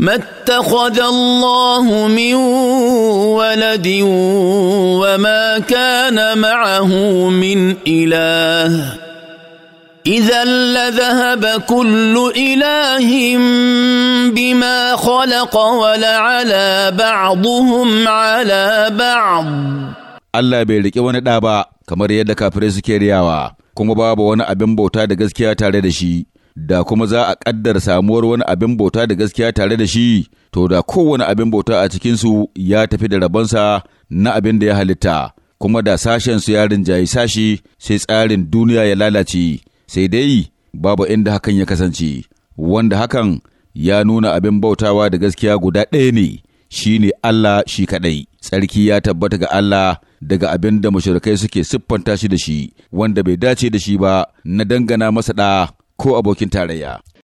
ما اتخذ الله من ولد وما كان معه من اله اذا لذهب كل اله بما خلق ولعلى بعضهم على بعض Allah bai riƙe wani ɗa ba kamar yadda kafirai suke riyawa, kuma babu wani abin bauta da gaskiya tare da shi. da kuma za a ƙaddar samuwar wani abin bauta da gaskiya tare da shi, to da kowane abin bauta a cikinsu ya tafi da rabonsa na abin da ya halitta, kuma da sashen su ya rinjayi sashi sai tsarin duniya ya lalace, sai dai babu inda hakan ya kasance, wanda hakan ya nuna abin bautawa da gaskiya guda ɗaya ne, shi ne Allah shi kaɗai. Tsarki ya tabbata ga Allah daga abin da mashirkai suke siffanta shi da shi, wanda bai dace da shi ba na dangana masa ɗa. ko abokin tarayya.